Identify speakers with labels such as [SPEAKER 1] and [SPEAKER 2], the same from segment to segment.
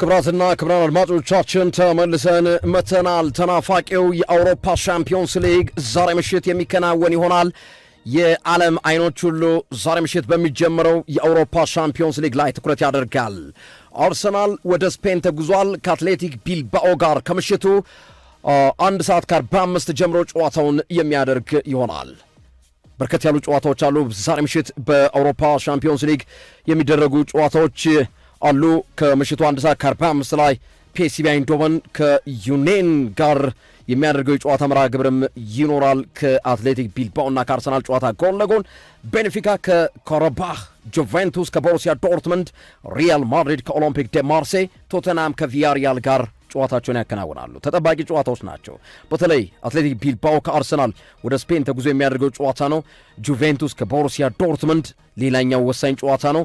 [SPEAKER 1] ክብራትና ክብራን አድማጮቻችን ተመልሰን መተናል። ተናፋቂው የአውሮፓ ሻምፒዮንስ ሊግ ዛሬ ምሽት የሚከናወን ይሆናል። የዓለም አይኖች ሁሉ ዛሬ ምሽት በሚጀምረው የአውሮፓ ሻምፒዮንስ ሊግ ላይ ትኩረት ያደርጋል። አርሰናል ወደ ስፔን ተጉዟል። ከአትሌቲክ ቢልባኦ ጋር ከምሽቱ አንድ ሰዓት ከአርባ አምስት ጀምሮ ጨዋታውን የሚያደርግ ይሆናል። በርከት ያሉ ጨዋታዎች አሉ። ዛሬ ምሽት በአውሮፓ ሻምፒዮንስ ሊግ የሚደረጉ ጨዋታዎች አሉ። ከምሽቱ አንድ ሰዓት ከአርባ አምስት ላይ ፒኤስቪ አይንዶቨን ከዩኔን ጋር የሚያደርገው የጨዋታ መርሃ ግብርም ይኖራል። ከአትሌቲክ ቢልባኦ እና ከአርሰናል ጨዋታ ጎን ለጎን ቤኔፊካ ከኮረባህ፣ ጁቬንቱስ ከቦሩሲያ ዶርትመንድ፣ ሪያል ማድሪድ ከኦሎምፒክ ደ ማርሴይ፣ ቶተናም ከቪያሪያል ጋር ጨዋታቸውን ያከናውናሉ። ተጠባቂ ጨዋታዎች ናቸው። በተለይ አትሌቲክ ቢልባኦ ከአርሰናል ወደ ስፔን ተጉዞ የሚያደርገው ጨዋታ ነው። ጁቬንቱስ ከቦሩሲያ ዶርትመንድ ሌላኛው ወሳኝ ጨዋታ ነው።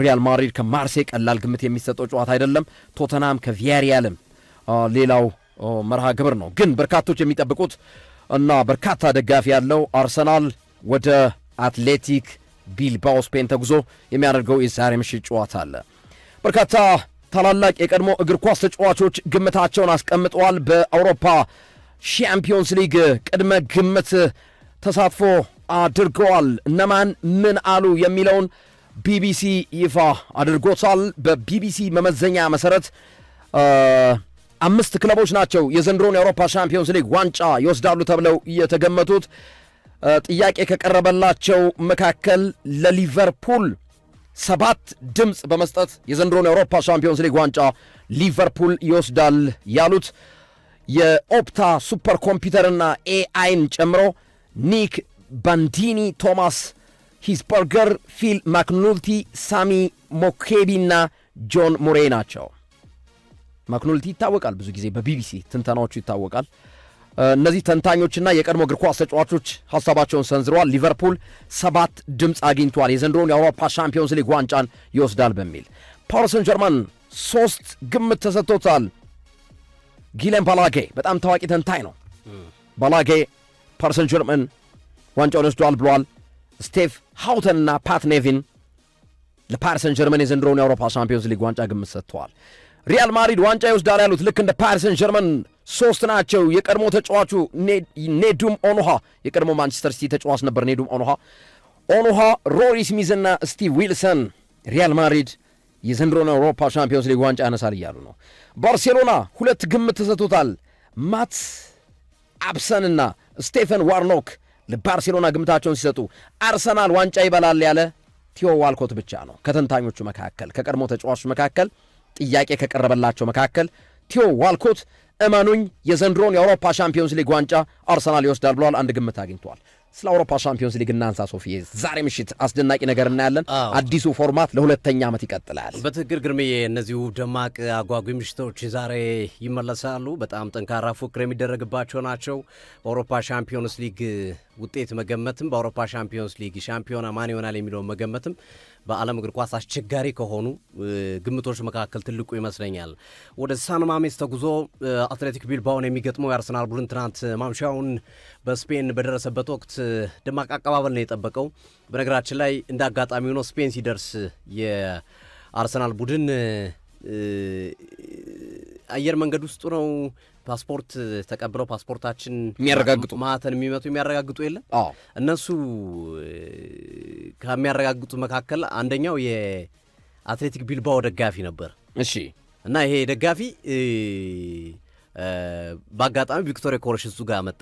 [SPEAKER 1] ሪያል ማድሪድ ከማርሴይ ቀላል ግምት የሚሰጠው ጨዋታ አይደለም። ቶተናም ከቪያሪያልም ሌላው መርሃ ግብር ነው። ግን በርካቶች የሚጠብቁት እና በርካታ ደጋፊ ያለው አርሰናል ወደ አትሌቲክ ቢልባኦ ስፔን ተጉዞ የሚያደርገው የዛሬ ምሽት ጨዋታ አለ። በርካታ ታላላቅ የቀድሞ እግር ኳስ ተጫዋቾች ግምታቸውን አስቀምጠዋል። በአውሮፓ ሻምፒዮንስ ሊግ ቅድመ ግምት ተሳትፎ አድርገዋል። እነማን ምን አሉ የሚለውን ቢቢሲ ይፋ አድርጎታል። በቢቢሲ መመዘኛ መሰረት አምስት ክለቦች ናቸው የዘንድሮን የአውሮፓ ሻምፒዮንስ ሊግ ዋንጫ ይወስዳሉ ተብለው የተገመቱት። ጥያቄ ከቀረበላቸው መካከል ለሊቨርፑል ሰባት ድምፅ በመስጠት የዘንድሮን የአውሮፓ ሻምፒዮንስ ሊግ ዋንጫ ሊቨርፑል ይወስዳል ያሉት የኦፕታ ሱፐር ኮምፒውተርና ኤአይን ጨምሮ ኒክ ባንዲኒ፣ ቶማስ ሂስበርገር ፊል ማክኑልቲ፣ ሳሚ ሞኬቢ እና ጆን ሙሬ ናቸው። ማክኑልቲ ይታወቃል፣ ብዙ ጊዜ በቢቢሲ ትንተናዎቹ ይታወቃል። እነዚህ ተንታኞችና የቀድሞ እግር ኳስ ተጫዋቾች ሀሳባቸውን ሰንዝረዋል። ሊቨርፑል ሰባት ድምፅ አግኝቷል፣ የዘንድሮውን የአውሮፓ ሻምፒዮንስ ሊግ ዋንጫን ይወስዳል በሚል ፓሪሰን ጀርማን ሶስት ግምት ተሰጥቶታል። ጊሌም ባላጌ በጣም ታዋቂ ተንታኝ ነው። ባላጌ ፓሪሰን ጀርመን ዋንጫውን ይወስዷል ብሏል። ስቴፍ ሀውተንና ፓትኔቪን ለፓሪሰን ጀርመን የዘንድሮውን የአውሮፓ ሻምፒዮንስ ሊግ ዋንጫ ግምት ሰጥተዋል። ሪያል ማድሪድ ዋንጫ ይወስዳል ያሉት ልክ እንደ ፓሪሰን ጀርመን ሶስት ናቸው። የቀድሞ ተጫዋቹ ኔዱም ኦኖሃ የቀድሞ ማንቸስተር ሲቲ ተጫዋች ነበር። ኔዱም ኦኖሃ ኦኖሃ፣ ሮሪ ስሚዝና ስቲቭ ዊልሰን ሪያል ማድሪድ የዘንድሮን አውሮፓ ሻምፒዮንስ ሊግ ዋንጫ ያነሳል እያሉ ነው። ባርሴሎና ሁለት ግምት ተሰጥቶታል። ማት አብሰንና ስቴፈን ዋርኖክ ለባርሴሎና ግምታቸውን ሲሰጡ አርሰናል ዋንጫ ይበላል ያለ ቲዮ ዋልኮት ብቻ ነው። ከተንታኞቹ መካከል ከቀድሞ ተጫዋቾች መካከል ጥያቄ ከቀረበላቸው መካከል ቲዮ ዋልኮት እመኑኝ የዘንድሮን የአውሮፓ ሻምፒዮንስ ሊግ ዋንጫ አርሰናል ይወስዳል ብሏል። አንድ ግምት አግኝተዋል። ስለ አውሮፓ ሻምፒዮንስ ሊግ እናንሳ ሶፊ። ዛሬ ምሽት አስደናቂ ነገር እናያለን። አዲሱ ፎርማት ለሁለተኛ ዓመት ይቀጥላል።
[SPEAKER 2] በትክክል ግርምዬ፣ እነዚሁ ደማቅ አጓጊ ምሽቶች ዛሬ ይመለሳሉ። በጣም ጠንካራ ፉክር የሚደረግባቸው ናቸው። በአውሮፓ ሻምፒዮንስ ሊግ ውጤት መገመትም፣ በአውሮፓ ሻምፒዮንስ ሊግ ሻምፒዮና ማን ይሆናል የሚለውን መገመትም በዓለም እግር ኳስ አስቸጋሪ ከሆኑ ግምቶች መካከል ትልቁ ይመስለኛል። ወደ ሳንማሜስ ተጉዞ አትሌቲክ ቢልባውን የሚገጥመው የአርሰናል ቡድን ትናንት ማምሻውን በስፔን በደረሰበት ወቅት ደማቅ አቀባበል ነው የጠበቀው። በነገራችን ላይ እንደ አጋጣሚ ሆኖ ስፔን ሲደርስ የአርሰናል ቡድን አየር መንገድ ውስጡ ነው ፓስፖርት ተቀብለው ፓስፖርታችን የሚያረጋግጡ ማተን የሚመቱ የሚያረጋግጡ የለም። እነሱ ከሚያረጋግጡ መካከል አንደኛው የአትሌቲክ ቢልባኦ ደጋፊ ነበር። እሺ። እና ይሄ ደጋፊ በአጋጣሚ ቪክቶሪያ ኮረሽ እሱ ጋር መጣ።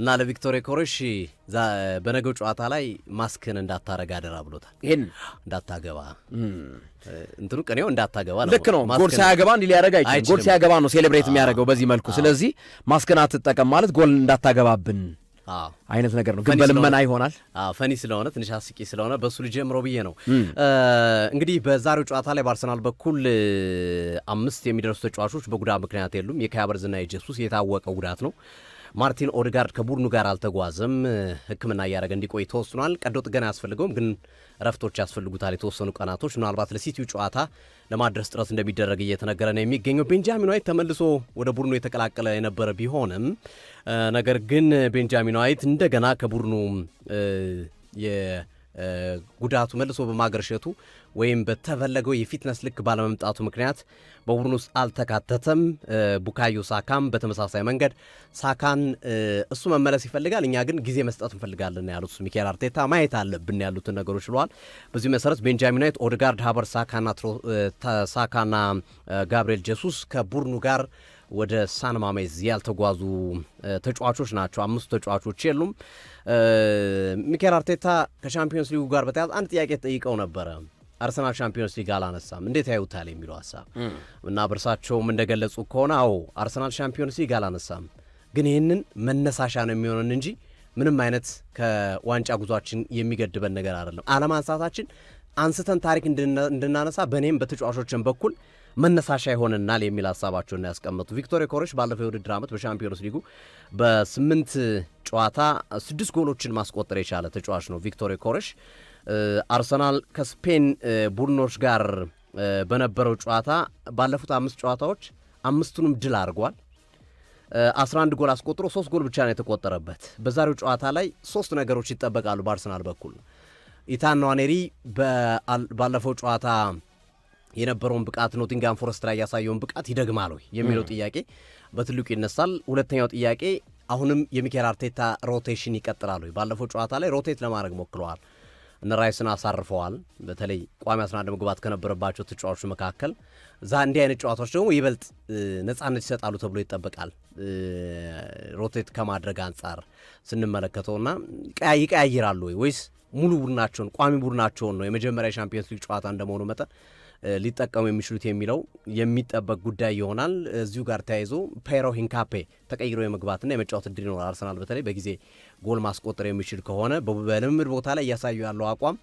[SPEAKER 2] እና ለቪክቶሪ ኮረሽ በነገው ጨዋታ ላይ ማስክን እንዳታረግ አደራ ብሎታል። ይህን እንዳታገባ እንትኑ ቅኔው እንዳታገባ
[SPEAKER 1] ልክ ነው። ጎል ሳያገባ እንዲህ ሊያደርግ አይችልም። ጎል ሳያገባ ነው ሴሌብሬት የሚያደርገው በዚህ መልኩ። ስለዚህ ማስክን አትጠቀም ማለት ጎል እንዳታገባብን አይነት ነገር ነው። ግን በልመና ይሆናል።
[SPEAKER 2] ፈኒ ስለሆነ ትንሽ አስቂ ስለሆነ በእሱ ልጀምረው ብዬ ነው። እንግዲህ በዛሬው ጨዋታ ላይ በአርሰናል በኩል አምስት የሚደርሱ ተጫዋቾች በጉዳት ምክንያት የሉም። የካያበርዝና የጀሱስ የታወቀው ጉዳት ነው። ማርቲን ኦድጋርድ ከቡድኑ ጋር አልተጓዘም። ሕክምና እያደረገ እንዲቆይ ተወስኗል። ቀዶ ጥገና ያስፈልገውም ግን እረፍቶች ያስፈልጉታል። የተወሰኑ ቀናቶች ምናልባት ለሲቲው ጨዋታ ለማድረስ ጥረት እንደሚደረግ እየተነገረ ነው የሚገኘው። ቤንጃሚን ዋይት ተመልሶ ወደ ቡድኑ የተቀላቀለ የነበረ ቢሆንም ነገር ግን ቤንጃሚን ዋይት እንደገና ከቡድኑ ጉዳቱ መልሶ በማገርሸቱ ወይም በተፈለገው የፊትነስ ልክ ባለመምጣቱ ምክንያት በቡድን ውስጥ አልተካተተም። ቡካዮ ሳካም በተመሳሳይ መንገድ ሳካን እሱ መመለስ ይፈልጋል፣ እኛ ግን ጊዜ መስጠት እንፈልጋለን ያሉት ሚኬል አርቴታ ማየት አለብን ያሉትን ነገሮች ብለዋል። በዚህ መሰረት ቤንጃሚን ናይት፣ ኦድጋርድ ሃበር፣ ሳካና ጋብሪኤል ጀሱስ ከቡድኑ ጋር ወደ ሳንማሜዝ ያልተጓዙ ተጫዋቾች ናቸው። አምስቱ ተጫዋቾች የሉም። ሚካኤል አርቴታ ከሻምፒዮንስ ሊጉ ጋር በተያያዘ አንድ ጥያቄ ተጠይቀው ነበረ። አርሰናል ሻምፒዮንስ ሊግ አላነሳም እንዴት ያዩታል የሚለው ሀሳብ እና በእርሳቸውም እንደገለጹ ከሆነ አዎ አርሰናል ሻምፒዮንስ ሊግ አላነሳም፣ ግን ይህንን መነሳሻ ነው የሚሆነን እንጂ ምንም አይነት ከዋንጫ ጉዟችን የሚገድበን ነገር አይደለም። አለማንሳታችን አንስተን ታሪክ እንድናነሳ በእኔም በተጫዋቾችን በኩል መነሳሻ ይሆንናል የሚል ሀሳባቸውን ያስቀመጡ ቪክቶሪ ኮረሽ ባለፈው የውድድር ዓመት በሻምፒዮንስ ሊጉ በስምንት ጨዋታ ስድስት ጎሎችን ማስቆጠር የቻለ ተጫዋች ነው ቪክቶሪ ኮረሽ አርሰናል ከስፔን ቡድኖች ጋር በነበረው ጨዋታ ባለፉት አምስት ጨዋታዎች አምስቱንም ድል አድርጓል። 11 ጎል አስቆጥሮ ሶስት ጎል ብቻ ነው የተቆጠረበት። በዛሬው ጨዋታ ላይ ሶስት ነገሮች ይጠበቃሉ በአርሰናል በኩል ኢታን ንዋኔሪ ባለፈው ጨዋታ የነበረውን ብቃት ኖቲንጋም ፎረስት ላይ ያሳየውን ብቃት ይደግማል ወይ የሚለው ጥያቄ በትልቁ ይነሳል። ሁለተኛው ጥያቄ አሁንም የሚኬል አርቴታ ሮቴሽን ይቀጥላል ወይ? ባለፈው ጨዋታ ላይ ሮቴት ለማድረግ ሞክለዋል። እነ ራይስን አሳርፈዋል። በተለይ ቋሚ 11 መግባት ከነበረባቸው ተጫዋቾች መካከል እዛ እንዲህ አይነት ጨዋታዎች ደግሞ ይበልጥ ነጻነት ይሰጣሉ ተብሎ ይጠበቃል። ሮቴት ከማድረግ አንጻር ስንመለከተው እና ይቀያይራሉ ወይ ወይስ ሙሉ ቡድናቸውን ቋሚ ቡድናቸውን ነው የመጀመሪያ የሻምፒዮንስ ሊግ ጨዋታ እንደመሆኑ መጠን ሊጠቀሙ የሚችሉት የሚለው የሚጠበቅ ጉዳይ ይሆናል። እዚሁ ጋር ተያይዞ ፔሮ ሂንካፔ ተቀይሮ የመግባትና የመጫወት እድል ይኖራል። አርሰናል በተለይ በጊዜ ጎል ማስቆጠር የሚችል ከሆነ በልምምድ ቦታ ላይ እያሳዩ ያለው አቋም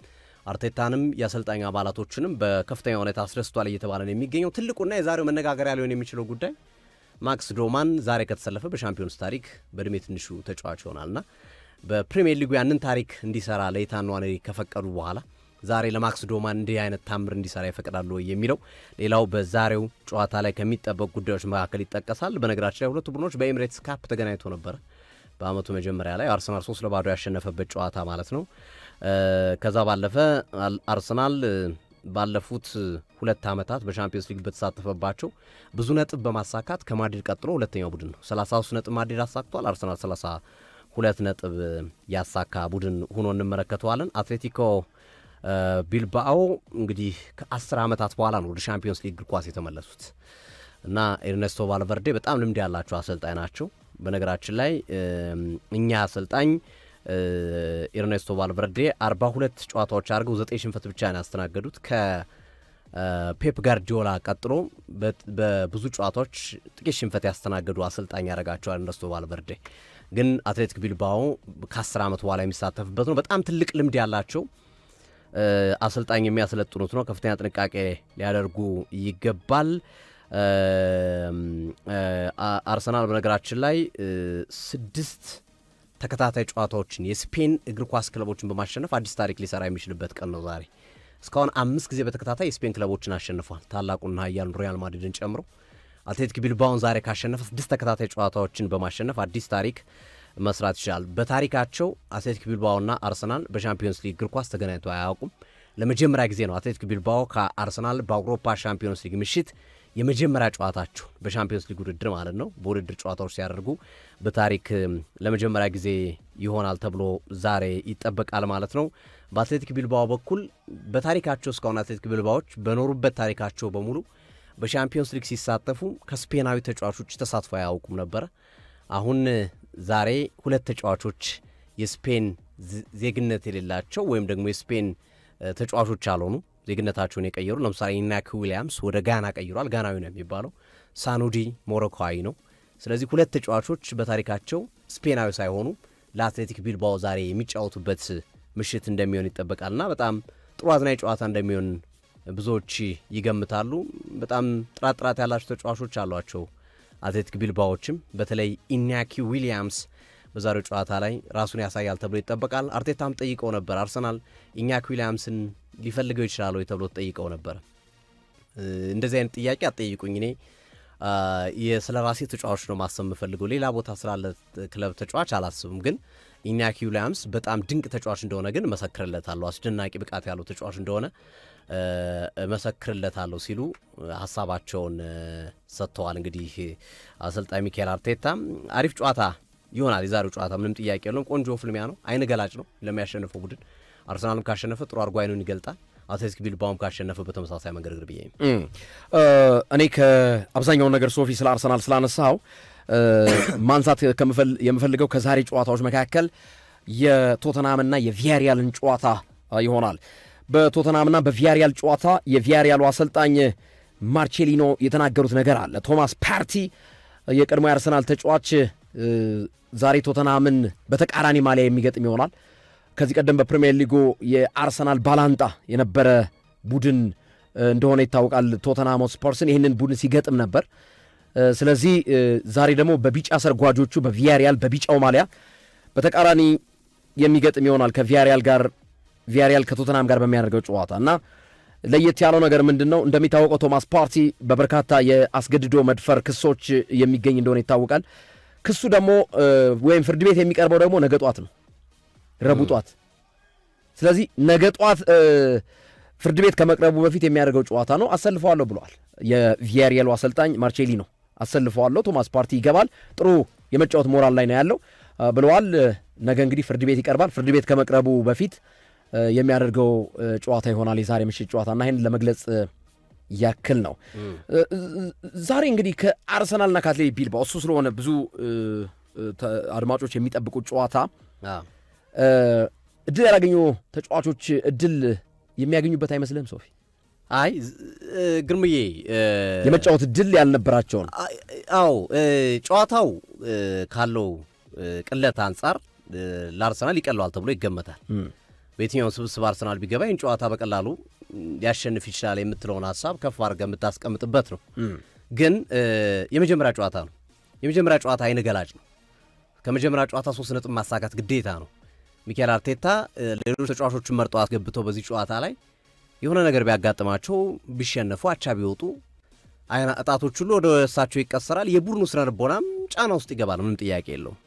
[SPEAKER 2] አርቴታንም የአሰልጣኝ አባላቶችንም በከፍተኛ ሁኔታ አስደስቷል እየተባለ ነው የሚገኘው። ትልቁና የዛሬው መነጋገሪያ ሊሆን የሚችለው ጉዳይ ማክስ ዶማን ዛሬ ከተሰለፈ በሻምፒዮንስ ታሪክ በእድሜ ትንሹ ተጫዋች ይሆናልና በፕሪምየር ሊጉ ያንን ታሪክ እንዲሰራ ለኢታን ንዋኔሪ ከፈቀዱ በኋላ ዛሬ ለማክስ ዶማን እንዲህ አይነት ታምር እንዲሰራ ይፈቅዳሉ ወይ የሚለው ሌላው በዛሬው ጨዋታ ላይ ከሚጠበቁ ጉዳዮች መካከል ይጠቀሳል። በነገራችን ላይ ሁለቱ ቡድኖች በኤምሬትስ ካፕ ተገናኝቶ ነበረ በአመቱ መጀመሪያ ላይ አርሰናል ሶስት ለባዶ ያሸነፈበት ጨዋታ ማለት ነው። ከዛ ባለፈ አርሰናል ባለፉት ሁለት ዓመታት በሻምፒዮንስ ሊግ በተሳተፈባቸው ብዙ ነጥብ በማሳካት ከማድሪድ ቀጥሎ ሁለተኛው ቡድን ነው። 33 ነጥብ ማድሪድ አሳክቷል። አርሰናል 32 ነጥብ ያሳካ ቡድን ሆኖ እንመለከተዋለን። አትሌቲኮ ቢልባኦ እንግዲህ ከአስር ዓመታት በኋላ ነው ወደ ሻምፒዮንስ ሊግ እግር ኳስ የተመለሱት እና ኤርኔስቶ ቫልቨርዴ በጣም ልምድ ያላቸው አሰልጣኝ ናቸው። በነገራችን ላይ እኛ አሰልጣኝ ኤርኔስቶ ቫልቨርዴ አርባ ሁለት ጨዋታዎች አድርገው ዘጠኝ ሽንፈት ብቻ ነው ያስተናገዱት። ከፔፕ ጋርዲዮላ ቀጥሎ በብዙ ጨዋታዎች ጥቂት ሽንፈት ያስተናገዱ አሰልጣኝ ያደርጋቸዋል ኤርኔስቶ ቫልቨርዴ። ግን አትሌቲክ ቢልባኦ ከአስር ዓመት በኋላ የሚሳተፍበት ነው። በጣም ትልቅ ልምድ ያላቸው አሰልጣኝ የሚያሰለጥኑት ነው። ከፍተኛ ጥንቃቄ ሊያደርጉ ይገባል። አርሰናል በነገራችን ላይ ስድስት ተከታታይ ጨዋታዎችን የስፔን እግር ኳስ ክለቦችን በማሸነፍ አዲስ ታሪክ ሊሰራ የሚችልበት ቀን ነው ዛሬ። እስካሁን አምስት ጊዜ በተከታታይ የስፔን ክለቦችን አሸንፏል። ታላቁና ኃያሉን ሪያል ማድሪድን ጨምሮ አትሌቲክ ቢልባውን ዛሬ ካሸነፈ ስድስት ተከታታይ ጨዋታዎችን በማሸነፍ አዲስ ታሪክ መስራት ይችላል። በታሪካቸው አትሌቲክ ቢልባኦና አርሰናል በሻምፒዮንስ ሊግ እግር ኳስ ተገናኝቶ አያውቁም። ለመጀመሪያ ጊዜ ነው አትሌቲክ ቢልባኦ ከአርሰናል በአውሮፓ ሻምፒዮንስ ሊግ ምሽት የመጀመሪያ ጨዋታቸው በሻምፒዮንስ ሊግ ውድድር ማለት ነው በውድድር ጨዋታዎች ሲያደርጉ በታሪክ ለመጀመሪያ ጊዜ ይሆናል ተብሎ ዛሬ ይጠበቃል ማለት ነው። በአትሌቲክ ቢልባኦ በኩል በታሪካቸው እስካሁን አትሌቲክ ቢልባዎች በኖሩበት ታሪካቸው በሙሉ በሻምፒዮንስ ሊግ ሲሳተፉ ከስፔናዊ ተጫዋቾች ተሳትፎ አያውቁም ነበረ። አሁን ዛሬ ሁለት ተጫዋቾች የስፔን ዜግነት የሌላቸው ወይም ደግሞ የስፔን ተጫዋቾች አልሆኑ ዜግነታቸውን የቀየሩ ለምሳሌ ኢናክ ዊሊያምስ ወደ ጋና ቀይሯል። ጋናዊ ነው የሚባለው። ሳኑዲ ሞሮኮዊ ነው። ስለዚህ ሁለት ተጫዋቾች በታሪካቸው ስፔናዊ ሳይሆኑ ለአትሌቲክ ቢልባኦ ዛሬ የሚጫወቱበት ምሽት እንደሚሆን ይጠበቃልና በጣም ጥሩ አዝናኝ ጨዋታ እንደሚሆን ብዙዎች ይገምታሉ። በጣም ጥራት ጥራት ያላቸው ተጫዋቾች አሏቸው አትሌቲክ ቢልባዎችም በተለይ ኢኒያኪ ዊሊያምስ በዛሬው ጨዋታ ላይ ራሱን ያሳያል ተብሎ ይጠበቃል። አርቴታም ጠይቀው ነበር አርሰናል ኢኒያኪ ዊሊያምስን ሊፈልገው ይችላል ወይ ተብሎ ጠይቀው ነበር። እንደዚህ አይነት ጥያቄ አጠይቁኝ እኔ የስለ ራሴ ተጫዋች ነው ማሰብ የምፈልገው፣ ሌላ ቦታ ስላለ ክለብ ተጫዋች አላስብም። ግን ኢኒያኪ ዊሊያምስ በጣም ድንቅ ተጫዋች እንደሆነ ግን መሰክርለታለሁ። አስደናቂ ብቃት ያለው ተጫዋች እንደሆነ እመሰክርለታለሁ ሲሉ ሀሳባቸውን ሰጥተዋል። እንግዲህ አሰልጣኝ ሚካኤል አርቴታ አሪፍ ጨዋታ ይሆናል የዛሬው ጨዋታ፣ ምንም ጥያቄ የለውም። ቆንጆ ፍልሚያ ነው፣ አይነ ገላጭ ነው ለሚያሸንፈው ቡድን። አርሰናልም ካሸነፈ ጥሩ አድርጎ አይኑን ይገልጣል። አትሌቲክ ቢልባውም ካሸነፈ በተመሳሳይ መንገድ እግር ብዬ
[SPEAKER 1] እኔ ከአብዛኛውን ነገር ሶፊ ስለ አርሰናል ስላነሳው ማንሳት የምፈልገው ከዛሬ ጨዋታዎች መካከል የቶተናምና የቪያሪያልን ጨዋታ ይሆናል። በቶተናምና በቪያሪያል ጨዋታ የቪያሪያሉ አሰልጣኝ ማርቼሊኖ የተናገሩት ነገር አለ። ቶማስ ፓርቲ የቀድሞ የአርሰናል ተጫዋች ዛሬ ቶተናምን በተቃራኒ ማሊያ የሚገጥም ይሆናል። ከዚህ ቀደም በፕሪምየር ሊጉ የአርሰናል ባላንጣ የነበረ ቡድን እንደሆነ ይታወቃል። ቶተናም ሆትስፐርስን ይህንን ቡድን ሲገጥም ነበር። ስለዚህ ዛሬ ደግሞ በቢጫ ሰርጓጆቹ በቪያሪያል በቢጫው ማሊያ በተቃራኒ የሚገጥም ይሆናል ከቪያሪያል ጋር ቪያሪያል ከቶተናም ጋር በሚያደርገው ጨዋታ እና ለየት ያለው ነገር ምንድን ነው? እንደሚታወቀው ቶማስ ፓርቲ በበርካታ የአስገድዶ መድፈር ክሶች የሚገኝ እንደሆነ ይታወቃል። ክሱ ደግሞ ወይም ፍርድ ቤት የሚቀርበው ደግሞ ነገ ጧት ነው፣ ረቡዕ ጧት። ስለዚህ ነገ ጧት ፍርድ ቤት ከመቅረቡ በፊት የሚያደርገው ጨዋታ ነው። አሰልፈዋለሁ ብለዋል የቪያሪያሉ አሰልጣኝ ማርቼሊ ነው። አሰልፈዋለሁ፣ ቶማስ ፓርቲ ይገባል፣ ጥሩ የመጫወት ሞራል ላይ ነው ያለው ብለዋል። ነገ እንግዲህ ፍርድ ቤት ይቀርባል። ፍርድ ቤት ከመቅረቡ በፊት የሚያደርገው ጨዋታ ይሆናል የዛሬ ምሽት ጨዋታና ይህን ለመግለጽ ያክል ነው። ዛሬ እንግዲህ ከአርሰናልና ከአትሌቲክ ቢልባኦ እሱ ስለሆነ ብዙ አድማጮች የሚጠብቁት ጨዋታ እድል ያላገኙ ተጫዋቾች እድል የሚያገኙበት አይመስልም ሶፊ?
[SPEAKER 2] አይ ግርምዬ
[SPEAKER 1] የመጫወት እድል ያልነበራቸውን
[SPEAKER 2] አዎ፣ ጨዋታው ካለው ቅለት አንጻር ለአርሰናል ይቀለዋል ተብሎ ይገመታል። በየትኛው ስብስብ አርሰናል ቢገባ ይህን ጨዋታ በቀላሉ ሊያሸንፍ ይችላል የምትለውን ሀሳብ ከፍ አድርገህ የምታስቀምጥበት ነው። ግን የመጀመሪያ ጨዋታ ነው። የመጀመሪያ ጨዋታ አይነ ገላጭ ነው። ከመጀመሪያ ጨዋታ ሶስት ነጥብ ማሳካት ግዴታ ነው። ሚካኤል አርቴታ ሌሎች ተጫዋቾችን መርጠው አስገብተው በዚህ ጨዋታ ላይ የሆነ ነገር ቢያጋጥማቸው ቢሸነፉ፣ አቻ ቢወጡ እጣቶች ሁሉ ወደ እሳቸው ይቀሰራል። የቡድኑ ስነ ልቦናም ጫና ውስጥ ይገባል። ምንም ጥያቄ የለውም።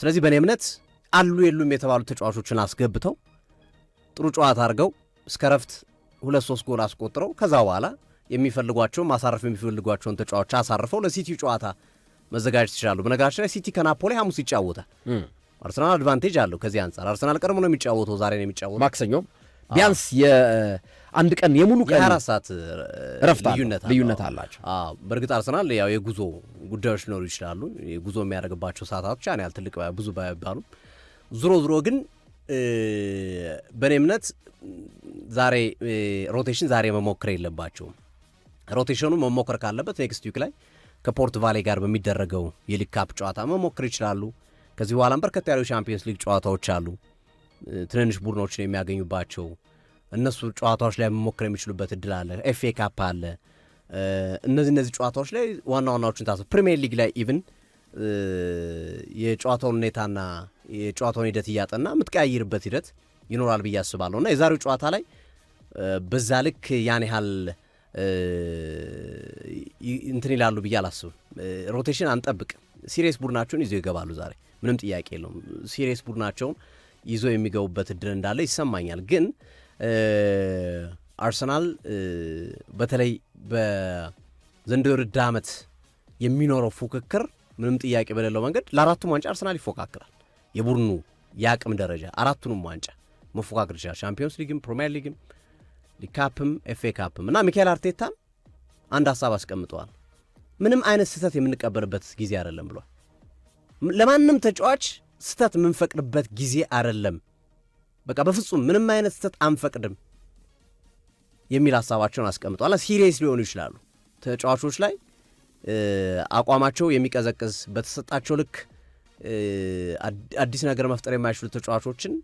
[SPEAKER 2] ስለዚህ በእኔ እምነት አሉ የሉም የተባሉ ተጫዋቾችን አስገብተው ጥሩ ጨዋታ አድርገው እስከ ረፍት ሁለት ሶስት ጎል አስቆጥረው ከዛ በኋላ የሚፈልጓቸውን ማሳረፍ የሚፈልጓቸውን ተጫዋቾች አሳርፈው ለሲቲው ጨዋታ መዘጋጀት ይችላሉ። በነገራችን ላይ ሲቲ ከናፖሊ ሐሙስ ይጫወታል። አርሰናል አድቫንቴጅ አለው ከዚህ አንጻር። አርሰናል ቀድሞ ነው የሚጫወተው፣ ዛሬ ነው የሚጫወተው።
[SPEAKER 1] ማክሰኞ ቢያንስ የአንድ ቀን የሙሉ ቀን የአራት ሰዓት ረፍት
[SPEAKER 2] ልዩነት አላቸው። በእርግጥ አርሰናል ያው የጉዞ ጉዳዮች ሊኖሩ ይችላሉ። የጉዞ የሚያደርግባቸው ሰዓታቶች ያን ያህል ትልቅ ብዙ ባይባሉም ዙሮ ዙሮ ግን በእኔ እምነት ዛሬ ሮቴሽን ዛሬ መሞከር የለባቸውም። ሮቴሽኑ መሞከር ካለበት ኔክስት ዊክ ላይ ከፖርት ቫሌ ጋር በሚደረገው የሊግ ካፕ ጨዋታ መሞከር ይችላሉ። ከዚህ በኋላም በርከት ያሉ ሻምፒዮንስ ሊግ ጨዋታዎች አሉ፣ ትንንሽ ነው የሚያገኙባቸው እነሱ ጨዋታዎች ላይ መሞከር የሚችሉበት እድል አለ። ኤፍ ኤ ካፕ አለ። እነዚህ እነዚህ ጨዋታዎች ላይ ዋና ዋናዎችን ታስበው ፕሪሚየር ሊግ ላይ ኢቭን የጨዋታውን ሁኔታና የጨዋታውን ሂደት እያጠና የምትቀያይርበት ሂደት ይኖራል ብዬ አስባለሁ እና የዛሬው ጨዋታ ላይ በዛ ልክ ያን ያህል እንትን ይላሉ ብዬ አላስብም። ሮቴሽን አንጠብቅ። ሲሪየስ ቡድናቸውን ይዘው ይገባሉ ዛሬ ምንም ጥያቄ የለውም። ሲሪየስ ቡድናቸውን ይዘው የሚገቡበት እድል እንዳለ ይሰማኛል። ግን አርሰናል በተለይ በዘንድሮ ርዳ ዓመት የሚኖረው ፉክክር ምንም ጥያቄ በሌለው መንገድ ለአራቱም ዋንጫ አርሰናል ይፎካክራል። የቡድኑ የአቅም ደረጃ አራቱንም ዋንጫ መፎካከር ይችላል። ሻምፒዮንስ ሊግም፣ ፕሪሚየር ሊግም፣ ሊካፕም፣ ኤፍኤ ካፕም እና ሚካኤል አርቴታም አንድ ሀሳብ አስቀምጠዋል። ምንም አይነት ስህተት የምንቀበልበት ጊዜ አይደለም ብሏል። ለማንም ተጫዋች ስህተት የምንፈቅድበት ጊዜ አይደለም። በቃ በፍጹም ምንም አይነት ስህተት አንፈቅድም የሚል ሀሳባቸውን አስቀምጠዋል። ሲሪየስ ሊሆኑ ይችላሉ ተጫዋቾች ላይ አቋማቸው የሚቀዘቅዝ በተሰጣቸው ልክ አዲስ ነገር መፍጠር የማይችሉ ተጫዋቾችን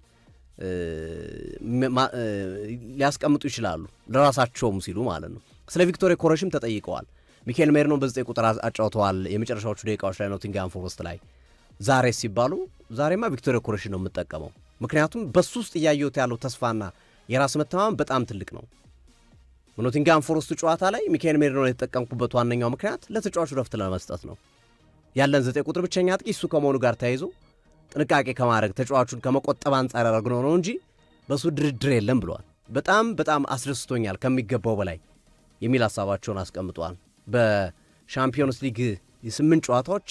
[SPEAKER 2] ሊያስቀምጡ ይችላሉ፣ ለራሳቸውም ሲሉ ማለት ነው። ስለ ቪክቶሪ ኮረሽም ተጠይቀዋል። ሚካኤል ሜሪኖ በዘጠኝ ቁጥር አጫውተዋል። የመጨረሻዎቹ ደቂቃዎች ላይ ኖቲንግሃም ፎረስት ላይ ዛሬ ሲባሉ ዛሬማ ቪክቶሪ ኮረሽ ነው የምጠቀመው፣ ምክንያቱም በሱ ውስጥ እያየሁት ያለው ተስፋና የራስ መተማመን በጣም ትልቅ ነው። በኖቲንግሃም ፎረስቱ ጨዋታ ላይ ሚካኤል ሜሪኖ የተጠቀምኩበት ዋነኛው ምክንያት ለተጫዋቹ ረፍት ለመስጠት ነው። ያለን ዘጠኝ ቁጥር ብቸኛ አጥቂ እሱ ከመሆኑ ጋር ተያይዞ ጥንቃቄ ከማድረግ ተጫዋቹን ከመቆጠብ አንጻር ያደረግነው ነው እንጂ በሱ ድርድር የለም ብለዋል። በጣም በጣም አስደስቶኛል ከሚገባው በላይ የሚል ሀሳባቸውን አስቀምጠዋል። በሻምፒዮንስ ሊግ የስምንት ጨዋታዎች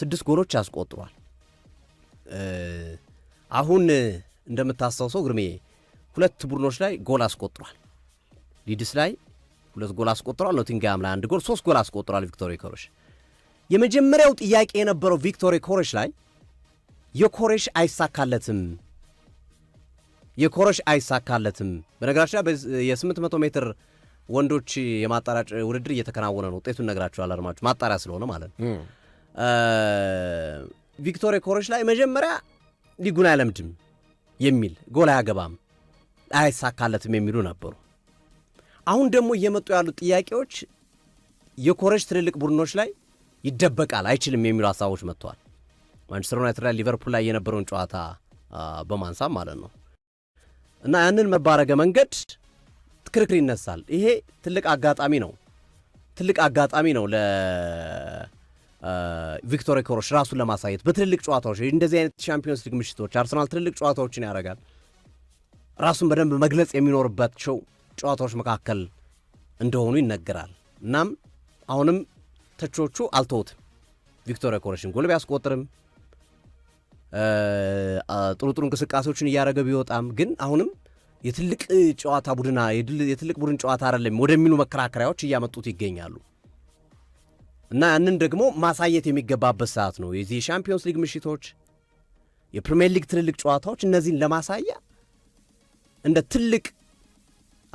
[SPEAKER 2] ስድስት ጎሎች አስቆጥሯል። አሁን እንደምታስታውሰው ግርሜ ሁለት ቡድኖች ላይ ጎል አስቆጥሯል። ሊድስ ላይ ሁለት ጎል አስቆጥሯል። ኖቲንግሃም ላይ አንድ ጎል፣ ሶስት ጎል አስቆጥሯል። ቪክቶሪ ኮሮሽ የመጀመሪያው ጥያቄ የነበረው ቪክቶር ኮሬሽ ላይ የኮሬሽ አይሳካለትም፣ ዮኬሬሽ አይሳካለትም። በነገራችን ላይ የ800 ሜትር ወንዶች የማጣራጭ ውድድር እየተከናወነ ነው። ውጤቱን ነግራችኋል አድማጮች፣ ማጣሪያ ስለሆነ ማለት ነው። ቪክቶር ዮኬሬሽ ላይ መጀመሪያ ሊጉን አይለምድም የሚል ጎል አያገባም፣ አይሳካለትም የሚሉ ነበሩ። አሁን ደግሞ እየመጡ ያሉት ጥያቄዎች የኮረሽ ትልልቅ ቡድኖች ላይ ይደበቃል፣ አይችልም የሚሉ ሀሳቦች መጥተዋል። ማንቸስተር ዩናይትድ ላይ ሊቨርፑል ላይ የነበረውን ጨዋታ በማንሳብ ማለት ነው እና ያንን መባረገ መንገድ ክርክር ይነሳል። ይሄ ትልቅ አጋጣሚ ነው፣ ትልቅ አጋጣሚ ነው ለቪክቶር ኮሮሽ ራሱን ለማሳየት በትልልቅ ጨዋታዎች እንደዚህ አይነት ሻምፒዮንስ ሊግ ምሽቶች አርሰናል ትልልቅ ጨዋታዎችን ያደርጋል። ራሱን በደንብ መግለጽ የሚኖርባቸው ጨዋታዎች መካከል እንደሆኑ ይነገራል። እናም አሁንም ተቾቹ አልተውትም። ቪክቶር ኮረሽን ጎል ቢያስቆጥርም ጥሩ ጥሩ እንቅስቃሴዎችን እያደረገ ቢወጣም ግን አሁንም የትልቅ ጨዋታ ቡድና የትልቅ ቡድን ጨዋታ አይደለም ወደሚሉ መከራከሪያዎች እያመጡት ይገኛሉ። እና ያንን ደግሞ ማሳየት የሚገባበት ሰዓት ነው። የዚህ የሻምፒዮንስ ሊግ ምሽቶች፣ የፕሪምየር ሊግ ትልልቅ ጨዋታዎች እነዚህን ለማሳያ እንደ ትልቅ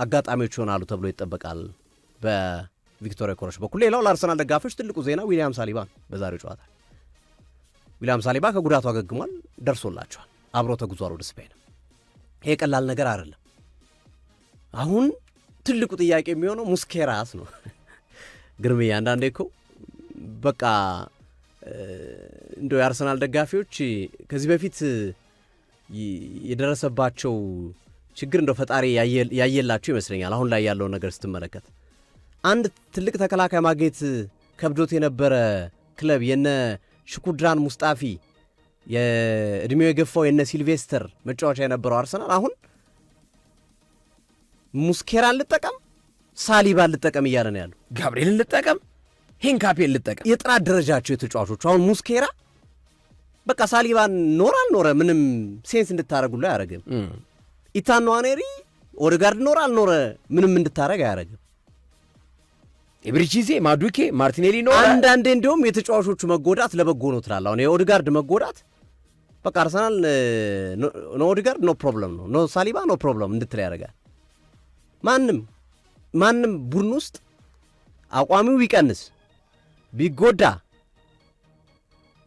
[SPEAKER 2] አጋጣሚዎች ይሆናሉ ተብሎ ይጠበቃል በ ቪክቶሪያ ኮረሽ በኩል። ሌላው ለአርሰናል ደጋፊዎች ትልቁ ዜና ዊሊያም ሳሊባ ነው። በዛሬው ጨዋታ ዊሊያም ሳሊባ ከጉዳቱ አገግሟል፣ ደርሶላቸዋል። አብሮ ተጉዟል ወደ ስፔን። ይሄ ቀላል ነገር አይደለም። አሁን ትልቁ ጥያቄ የሚሆነው ሙስኬራስ ነው። ግርምዬ አንዳንዴ እኮ በቃ እንደው የአርሰናል ደጋፊዎች ከዚህ በፊት የደረሰባቸው ችግር እንደ ፈጣሪ ያየላቸው ይመስለኛል። አሁን ላይ ያለውን ነገር ስትመለከት አንድ ትልቅ ተከላካይ ማግኘት ከብዶት የነበረ ክለብ የነ ሽኩድራን ሙስጣፊ የእድሜው የገፋው የነ ሲልቬስተር መጫወቻ የነበረው አርሰናል አሁን ሙስኬራን ልጠቀም፣ ሳሊባን ልጠቀም እያለ ነው ያለው።
[SPEAKER 1] ጋብርኤልን ልጠቀም፣ ሄንካፔን ልጠቀም።
[SPEAKER 2] የጥራት ደረጃቸው የተጫዋቾቹ አሁን ሙስኬራ በቃ ሳሊባን ኖር አልኖረ ምንም ሴንስ እንድታረጉላ አያረግም። ኢታን ንዋኔሪ ኦዴጋርድ ኖር አልኖረ ምንም እንድታረግ አያረግም።
[SPEAKER 1] ኤብሪቺዜ፣ ማዱኬ፣ ማርቲኔሊ ነው።
[SPEAKER 2] አንዳንዴ እንዲሁም የተጫዋቾቹ መጎዳት ለበጎ ነው ትላለህ። አሁን የኦድጋርድ መጎዳት በቃ አርሰናል ኖ ኦድጋርድ ኖ ፕሮብለም ነው ኖ ሳሊባ ኖ ፕሮብለም እንድትል ያደርጋል። ማንም ማንም ቡድን ውስጥ አቋሚው ቢቀንስ ቢጎዳ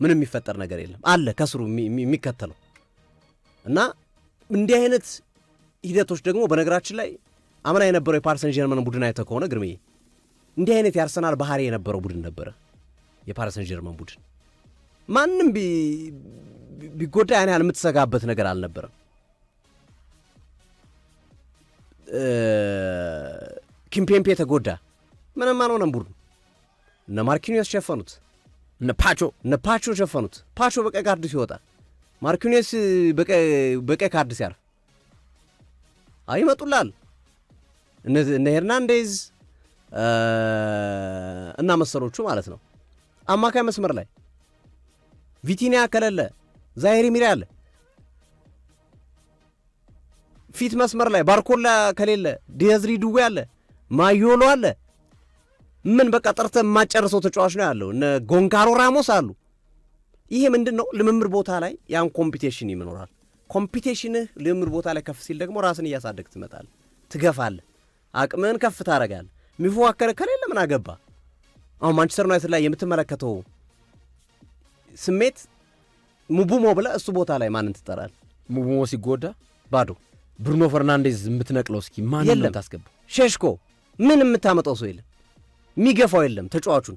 [SPEAKER 2] ምንም የሚፈጠር ነገር የለም አለ ከስሩ የሚከተለው እና እንዲህ አይነት ሂደቶች ደግሞ በነገራችን ላይ አምና የነበረው የፓሪሰን ጀርመን ቡድን አይተህ ከሆነ ግርምዬ እንዲህ አይነት የአርሰናል ባህሪ የነበረው ቡድን ነበረ የፓሪሰን ጀርመን ቡድን። ማንም ቢጎዳ ያን ያህል የምትሰጋበት ነገር አልነበረም። ኪምፔምፔ ተጎዳ፣ ምንም አልሆነም ቡድኑ። እነ ማርኪኒዮስ ሸፈኑት፣ እነ ፓቾ እነ ፓቾ ሸፈኑት። ፓቾ በቀይ ካርድ ሲወጣ ማርኪኒዮስ በቀይ ካርድ ሲያርፍ አይመጡላል እነ ሄርናንዴዝ እና መሰሎቹ ማለት ነው። አማካይ መስመር ላይ ቪቲኒያ ከሌለ ዛይሪ ሚሪ አለ። ፊት መስመር ላይ ባርኮላ ከሌለ ዲያዝሪ ድዌ አለ፣ ማዮሎ አለ። ምን በቃ ጠርተ የማጨርሰው ተጫዋች ነው ያለው። እነ ጎንካሮ ራሞስ አሉ። ይሄ ምንድን ነው? ልምምድ ቦታ ላይ ያን ኮምፒቴሽን ይኖራል። ኮምፒቴሽንህ ልምምድ ቦታ ላይ ከፍ ሲል ደግሞ ራስን እያሳደግ ትመጣል፣ ትገፋለ አቅምህን ከፍ ታደርጋል? የሚፎካከር ከሌለ ምን አገባ? አሁን ማንቸስተር ዩናይትድ ላይ የምትመለከተው ስሜት ሙቡሞ ብለ እሱ ቦታ ላይ ማንን ትጠራል?
[SPEAKER 1] ሙቡሞ ሲጎዳ ባዶ ብሩኖ ፈርናንዴዝ የምትነቅለው እስኪ ማን የለም ታስገባ።
[SPEAKER 2] ሼሽኮ ምን የምታመጣው ሰው የለም፣ የሚገፋው የለም። ተጫዋቹን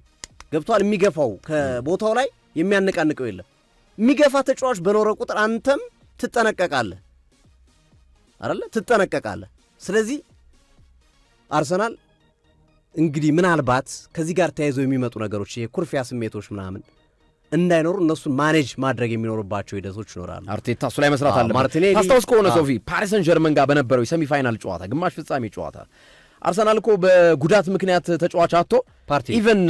[SPEAKER 2] ገብቷል የሚገፋው ከቦታው ላይ የሚያነቃንቀው የለም። የሚገፋ ተጫዋች በኖረ ቁጥር አንተም ትጠነቀቃለህ፣ አለ ትጠነቀቃለህ። ስለዚህ አርሰናል እንግዲህ ምናልባት ከዚህ ጋር ተያይዘው የሚመጡ ነገሮች ይሄ ኩርፊያ ስሜቶች ምናምን እንዳይኖሩ እነሱን ማኔጅ ማድረግ የሚኖርባቸው ሂደቶች ይኖራሉ።
[SPEAKER 1] አርቴታ እሱ ላይ መስራት አለ። ማርቲኔሊ ታስታውስ ከሆነ ሶፊ ፓሪሰን ጀርመን ጋር በነበረው የሰሚፋይናል ጨዋታ፣ ግማሽ ፍጻሜ ጨዋታ አርሰናል እኮ በጉዳት ምክንያት ተጫዋች አቶ ፓርቲ ኢቨን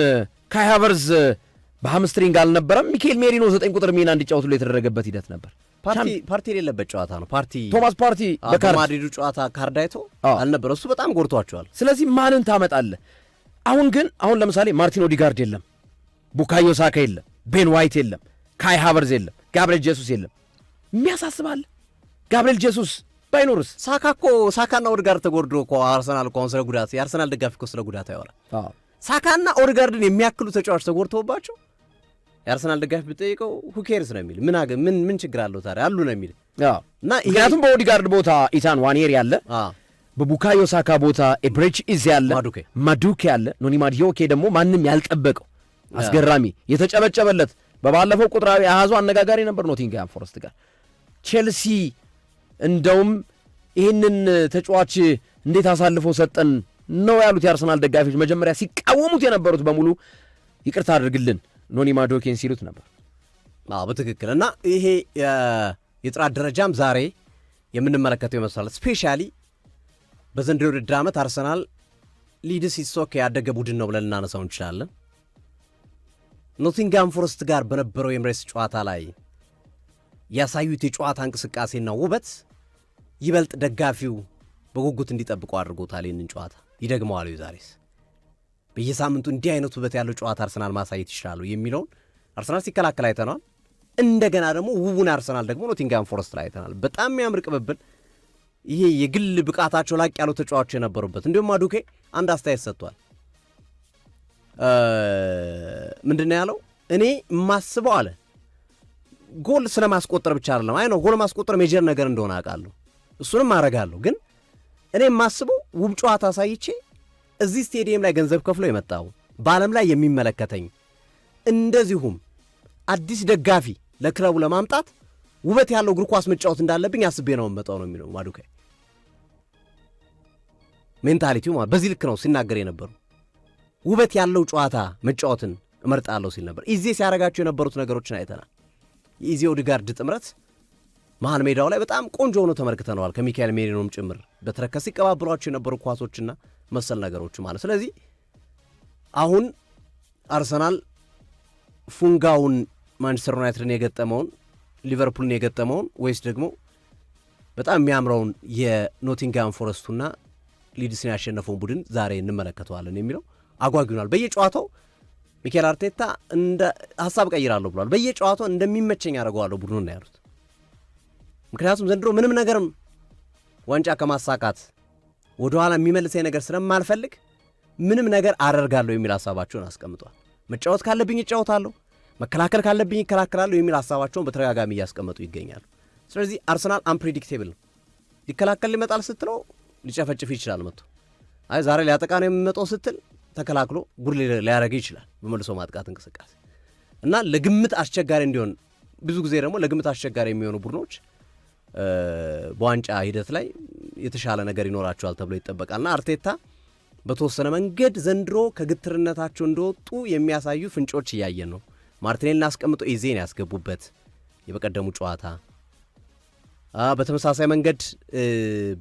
[SPEAKER 1] ካይ ሃቨርዝ በሀምስትሪንግ አልነበረም። ሚካኤል ሜሪኖ ዘጠኝ ቁጥር ሚና እንዲጫወት ብሎ የተደረገበት ሂደት ነበር።
[SPEAKER 2] ፓርቲ የሌለበት ጨዋታ ነው። ፓርቲ ቶማስ ፓርቲ በማድሪዱ ጨዋታ ካርድ አይቶ አልነበረ። እሱ በጣም ጎድቷቸዋል።
[SPEAKER 1] ስለዚህ ማንን ታመጣለህ? አሁን ግን አሁን ለምሳሌ ማርቲን ኦዲጋርድ የለም፣ ቡካዮ ሳካ የለም፣ ቤን ዋይት የለም፣ ካይ ሃቨርዝ የለም፣ ጋብርኤል ጄሱስ የለም። የሚያሳስባል ጋብርኤል ጄሱስ ባይኖርስ
[SPEAKER 2] ሳካ እኮ ሳካና ኦድጋርድ ተጎድዶ እኮ አርሰናል እኮ አሁን ስለ ጉዳት የአርሰናል ደጋፊ እኮ ስለ ጉዳት ሳካና ኦድጋርድን የሚያክሉ ተጫዋች ተጎርተውባቸው የአርሰናል ደጋፊ ብጠይቀው ሁኬርስ ነው የሚል ምን ምን ምን ችግር አለው ታዲያ አሉ ነው የሚል እና
[SPEAKER 1] ምክንያቱም በኦዲጋርድ ቦታ ኢታን ዋኔር ያለ በቡካዮ ሳካ ቦታ ኤብሬች ኢዝ ያለ ማዱኬ ያለ ኖኒ ማዲዮኬ ደግሞ ማንም ያልጠበቀው አስገራሚ የተጨበጨበለት በባለፈው ቁጥራዊ አሃዙ አነጋጋሪ ነበር ኖቲንግሃም ፎረስት ጋር ቼልሲ እንደውም ይህንን ተጫዋች እንዴት አሳልፎ ሰጠን ነው ያሉት የአርሰናል ደጋፊዎች መጀመሪያ ሲቃወሙት የነበሩት በሙሉ ይቅርታ አድርግልን ኖኒ ማዶኬን ሲሉት ነበር።
[SPEAKER 2] በትክክል እና ይሄ የጥራት ደረጃም ዛሬ የምንመለከተው ይመስላል። ስፔሻሊ በዘንድሮ ውድድር ዓመት አርሰናል ሊድ ሲሶክ ያደገ ቡድን ነው ብለን ልናነሳው እንችላለን። ኖቲንጋም ፎረስት ጋር በነበረው የምሬስ ጨዋታ ላይ ያሳዩት የጨዋታ እንቅስቃሴና ውበት ይበልጥ ደጋፊው በጉጉት እንዲጠብቀው አድርጎታል። ይህንን ጨዋታ ይደግመዋል ዛሬስ በየሳምንቱ እንዲህ አይነት ውበት ያለው ጨዋታ አርሰናል ማሳየት ይችላሉ የሚለውን አርሰናል ሲከላከል አይተናል። እንደገና ደግሞ ውቡን አርሰናል ደግሞ ኖቲንግሃም ፎረስት ላይ አይተናል። በጣም የሚያምር ቅብብል፣ ይሄ የግል ብቃታቸው ላቅ ያሉ ተጫዋቾች የነበሩበት እንዲሁም አዱኬ አንድ አስተያየት ሰጥቷል። ምንድን ነው ያለው? እኔ የማስበው አለ ጎል ስለ ማስቆጠር ብቻ አይደለም። አይ ነው ጎል ማስቆጠር ሜጀር ነገር እንደሆነ አውቃለሁ፣ እሱንም አረጋለሁ። ግን እኔ የማስበው ውብ ጨዋታ አሳይቼ እዚህ ስቴዲየም ላይ ገንዘብ ከፍሎ የመጣው በዓለም ላይ የሚመለከተኝ እንደዚሁም አዲስ ደጋፊ ለክለቡ ለማምጣት ውበት ያለው እግር ኳስ መጫወት እንዳለብኝ አስቤ ነው መጣው ነው የሚለው ማዱካይ። ሜንታሊቲ በዚህ ልክ ነው ሲናገር የነበሩ ውበት ያለው ጨዋታ መጫወትን እመርጣለሁ ሲል ነበር። ኢዜ ሲያደርጋቸው የነበሩት ነገሮችን አይተናል። የኢዜው ድጋርድ ጥምረት መሀል ሜዳው ላይ በጣም ቆንጆ ሆኖ ተመልክተነዋል። ከሚካኤል ሜሪኖም ጭምር በተረከዝ ሲቀባብሏቸው የነበሩ ኳሶችና መሰል ነገሮች ማለት። ስለዚህ አሁን አርሰናል ፉንጋውን ማንቸስተር ዩናይትድን የገጠመውን ሊቨርፑልን የገጠመውን ወይስ ደግሞ በጣም የሚያምረውን የኖቲንግሃም ፎረስቱና ሊድስን ያሸነፈውን ቡድን ዛሬ እንመለከተዋለን የሚለው አጓጊናል። በየጨዋታው ሚኬል አርቴታ እንደ ሀሳብ ቀይራለሁ ብሏል። በየጨዋታው እንደሚመቸኝ ቡድኑ ቡድኑን ያሉት ምክንያቱም ዘንድሮ ምንም ነገርም ዋንጫ ከማሳካት ወደ ኋላ የሚመልሰኝ ነገር ስለማልፈልግ ምንም ነገር አደርጋለሁ የሚል ሀሳባቸውን አስቀምጧል። መጫወት ካለብኝ እጫወታለሁ፣ መከላከል ካለብኝ ይከላከላለሁ የሚል ሀሳባቸውን በተደጋጋሚ እያስቀመጡ ይገኛሉ። ስለዚህ አርሰናል አንፕሪዲክቴብል ነው። ሊከላከል ሊመጣል ስትለው ሊጨፈጭፍ ይችላል። መጥቶ አይ ዛሬ ሊያጠቃ ነው የሚመጣው ስትል ተከላክሎ ጉድ ሊያደረገ ይችላል። በመልሶ ማጥቃት እንቅስቃሴ እና ለግምት አስቸጋሪ እንዲሆን ብዙ ጊዜ ደግሞ ለግምት አስቸጋሪ የሚሆኑ ቡድኖች በዋንጫ ሂደት ላይ የተሻለ ነገር ይኖራቸዋል ተብሎ ይጠበቃልና አርቴታ በተወሰነ መንገድ ዘንድሮ ከግትርነታቸው እንደወጡ የሚያሳዩ ፍንጮች እያየን ነው። ማርቲኔልን አስቀምጦ ኢዜን ያስገቡበት የበቀደሙ ጨዋታ በተመሳሳይ መንገድ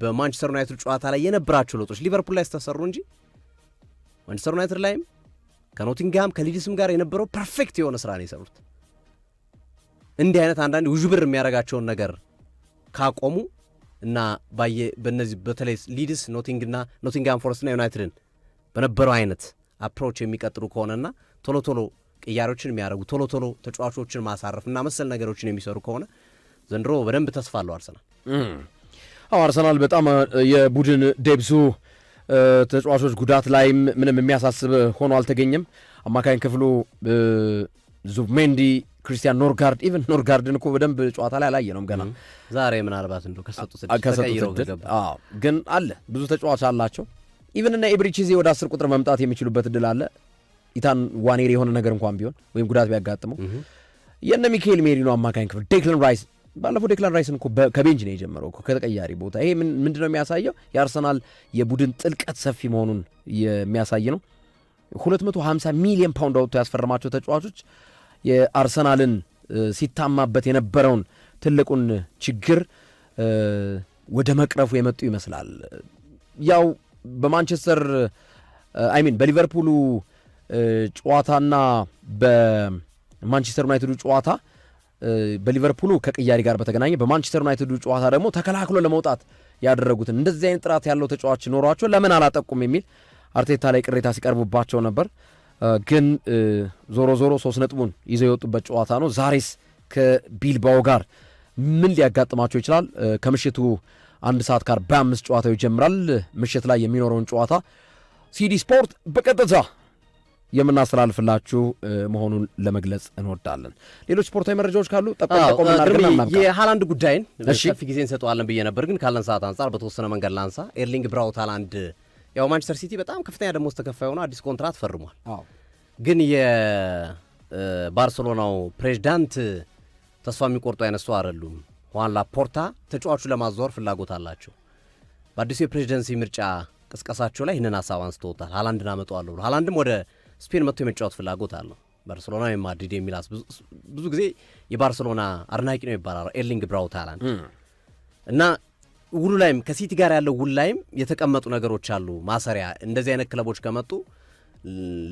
[SPEAKER 2] በማንቸስተር ዩናይትድ ጨዋታ ላይ የነበራቸው ለውጦች ሊቨርፑል ላይ ስተሰሩ እንጂ ማንቸስተር ዩናይትድ ላይም ከኖቲንግሃም ከሊድስም ጋር የነበረው ፐርፌክት የሆነ ስራ ነው የሰሩት። እንዲህ አይነት አንዳንድ ውዥብር የሚያደርጋቸውን ነገር ካቆሙ እና ባየ በነዚህ በተለይ ሊድስ ኖቲንግና ኖቲንግሃም ፎረስትና ዩናይትድን በነበረው አይነት አፕሮች የሚቀጥሉ ከሆነና ቶሎ ቶሎ ቅያሬዎችን የሚያደርጉ ቶሎ ቶሎ ተጫዋቾችን ማሳረፍ እና መሰል ነገሮችን የሚሰሩ ከሆነ ዘንድሮ በደንብ ተስፋ አለው አርሰናል።
[SPEAKER 1] አዎ አርሰናል በጣም የቡድን ዴብሱ ተጫዋቾች ጉዳት ላይም ምንም የሚያሳስብ ሆኖ አልተገኘም። አማካኝ ክፍሉ ዙብሜንዲ ክሪስቲያን ኖርጋርድ ኢቨን ኖርጋርድን እኮ በደንብ ጨዋታ ላይ አላየ ነውም ገና
[SPEAKER 2] ዛሬ ምናልባት እንደው
[SPEAKER 1] ከሰጡት ግን አለ ብዙ ተጫዋች አላቸው። ኢቨን እና ኤብሪቺዜ ወደ አስር ቁጥር መምጣት የሚችሉበት እድል አለ። ኢታን ዋኔር የሆነ ነገር እንኳን ቢሆን ወይም ጉዳት ቢያጋጥመው የነ ሚካኤል ሜሪኖ አማካኝ ክፍል ዴክለን ራይስ ባለፈው ዴክላን ራይስን ከቤንጅ ነው የጀመረው ከተቀያሪ ቦታ። ይሄ ምንድነው የሚያሳየው? የአርሰናል የቡድን ጥልቀት ሰፊ መሆኑን የሚያሳይ ነው። 250 ሚሊዮን ፓውንድ አውጥቶ ያስፈረማቸው ተጫዋቾች የአርሰናልን ሲታማበት የነበረውን ትልቁን ችግር ወደ መቅረፉ የመጡ ይመስላል። ያው በማንቸስተር አይሚን በሊቨርፑሉ ጨዋታና በማንቸስተር ዩናይትዱ ጨዋታ በሊቨርፑሉ ከቅያሪ ጋር በተገናኘ በማንቸስተር ዩናይትዱ ጨዋታ ደግሞ ተከላክሎ ለመውጣት ያደረጉትን እንደዚህ አይነት ጥራት ያለው ተጫዋች ኖሯቸው ለምን አላጠቁም የሚል አርቴታ ላይ ቅሬታ ሲቀርቡባቸው ነበር። ግን ዞሮ ዞሮ ሶስት ነጥቡን ይዘው የወጡበት ጨዋታ ነው። ዛሬስ ከቢልባኦ ጋር ምን ሊያጋጥማቸው ይችላል? ከምሽቱ አንድ ሰዓት ጋር በአምስት ጨዋታው ይጀምራል። ምሽት ላይ የሚኖረውን ጨዋታ ሲዲ ስፖርት በቀጥታ የምናስተላልፍላችሁ መሆኑን ለመግለጽ እንወዳለን። ሌሎች ስፖርታዊ መረጃዎች ካሉ የሃላንድ ጉዳይን ሰፊ ጊዜ እንሰጠዋለን ብዬ ነበር፣ ግን ካለን ሰዓት አንጻር በተወሰነ መንገድ ላንሳ። ኤርሊንግ ብራውት ሃላንድ ያው ማንቸስተር ሲቲ በጣም ከፍተኛ ደሞዝ ተከፋይ ሆኖ አዲስ ኮንትራት ፈርሟል። ግን የባርሴሎናው ፕሬዚዳንት ተስፋ የሚቆርጡ አይነት ሰው አይደሉም። ሁዋን ላፖርታ ተጫዋቹ ለማዘዋወር ፍላጎት አላቸው። በአዲሱ የፕሬዚደንሲ ምርጫ ቅስቀሳቸው ላይ ይህንን ሀሳብ አንስተውታል። ሀላንድን አመጣዋለሁ ብሎ ሀላንድም ወደ ስፔን መጥቶ የመጫወት ፍላጎት አለው። ባርሰሎና ወይም ማድሪድ የሚል ብዙ ጊዜ የባርሴሎና አድናቂ ነው ይባላል ኤርሊንግ ብራውት ሀላንድ እና ውሉ ላይም ከሲቲ ጋር ያለው ውል ላይም የተቀመጡ ነገሮች አሉ። ማሰሪያ እንደዚህ አይነት ክለቦች ከመጡ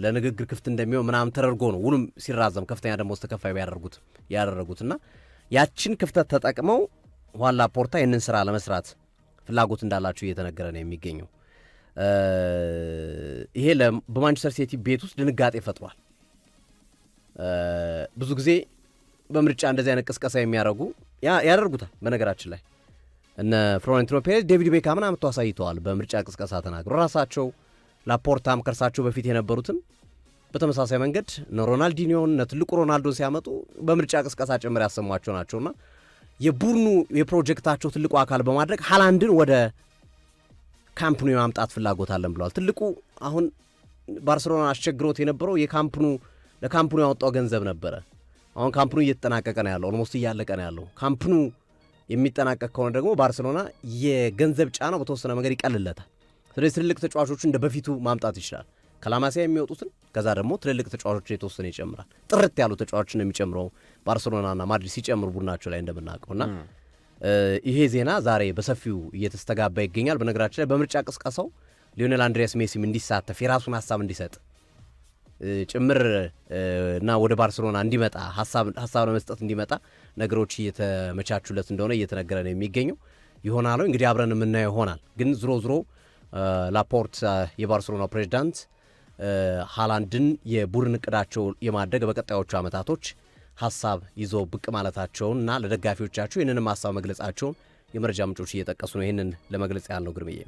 [SPEAKER 1] ለንግግር ክፍት እንደሚሆን ምናምን ተደርጎ ነው ውሉም ሲራዘም ከፍተኛ ደሞዝ ተከፋይ ያደረጉት ያደረጉት እና ያችን ክፍተት ተጠቅመው ኋላ ላፖርታ ይህንን ስራ ለመስራት ፍላጎት እንዳላቸው እየተነገረ ነው የሚገኘው። ይሄ በማንቸስተር ሲቲ ቤት ውስጥ ድንጋጤ ፈጥሯል። ብዙ ጊዜ በምርጫ እንደዚህ አይነት ቅስቀሳ የሚያደርጉ ያደርጉታል በነገራችን ላይ እነ ፍሎሬንቲኖ ፔሬዝ፣ ዴቪድ ቤካምን አምጥቶ አሳይተዋል። በምርጫ ቅስቀሳ ተናግሮ ራሳቸው ላፖርታም ከእርሳቸው በፊት የነበሩትን በተመሳሳይ መንገድ እነ ሮናልዲኒዮን እነ ትልቁ ሮናልዶን ሲያመጡ በምርጫ ቅስቀሳ ጭምር ያሰሟቸው ናቸውና የቡድኑ የፕሮጀክታቸው ትልቁ አካል በማድረግ ሀላንድን ወደ ካምፕኑ የማምጣት ፍላጎት አለን ብለዋል። ትልቁ አሁን ባርሴሎና አስቸግሮት የነበረው የካምፕኑ ለካምፕኑ ያወጣው ገንዘብ ነበረ። አሁን ካምፕኑ እየተጠናቀቀ ነው ያለው፣ ኦልሞስት እያለቀ ነው ያለው ካምፕኑ የሚጠናቀቅ ከሆነ ደግሞ ባርሴሎና የገንዘብ ጫና በተወሰነ መንገድ ይቀልለታል። ስለዚህ ትልልቅ ተጫዋቾቹ እንደ በፊቱ ማምጣት ይችላል። ከላማሲያ የሚወጡትን ከዛ ደግሞ ትልልቅ ተጫዋቾችን የተወሰነ ይጨምራል። ጥርት ያሉ ተጫዋቾችን የሚጨምረው ባርሴሎናና ማድሪድ ሲጨምሩ ቡድናቸው ላይ እና ይሄ ዜና ዛሬ በሰፊው እየተስተጋባ ይገኛል። በነገራችን ላይ በምርጫ ቅስቀሳው ሊዮኔል አንድሪያስ ሜሲም እንዲሳተፍ የራሱን ሀሳብ እንዲሰጥ ጭምር እና ወደ ባርሴሎና እንዲመጣ ሀሳብ ለመስጠት እንዲመጣ ነገሮች እየተመቻቹለት እንደሆነ እየተነገረ ነው የሚገኘው። ይሆናል እንግዲህ አብረን የምናየው ይሆናል። ግን ዝሮ ዝሮ ላፖርት የባርሴሎና ፕሬዚዳንት ሃላንድን የቡድን እቅዳቸው የማድረግ በቀጣዮቹ ዓመታቶች ሀሳብ ይዞ ብቅ ማለታቸውን እና ለደጋፊዎቻቸው ይህንንም ሀሳብ መግለጻቸውን የመረጃ ምንጮች እየጠቀሱ ነው። ይህንን ለመግለጽ ያህል ነው ግርምዬ።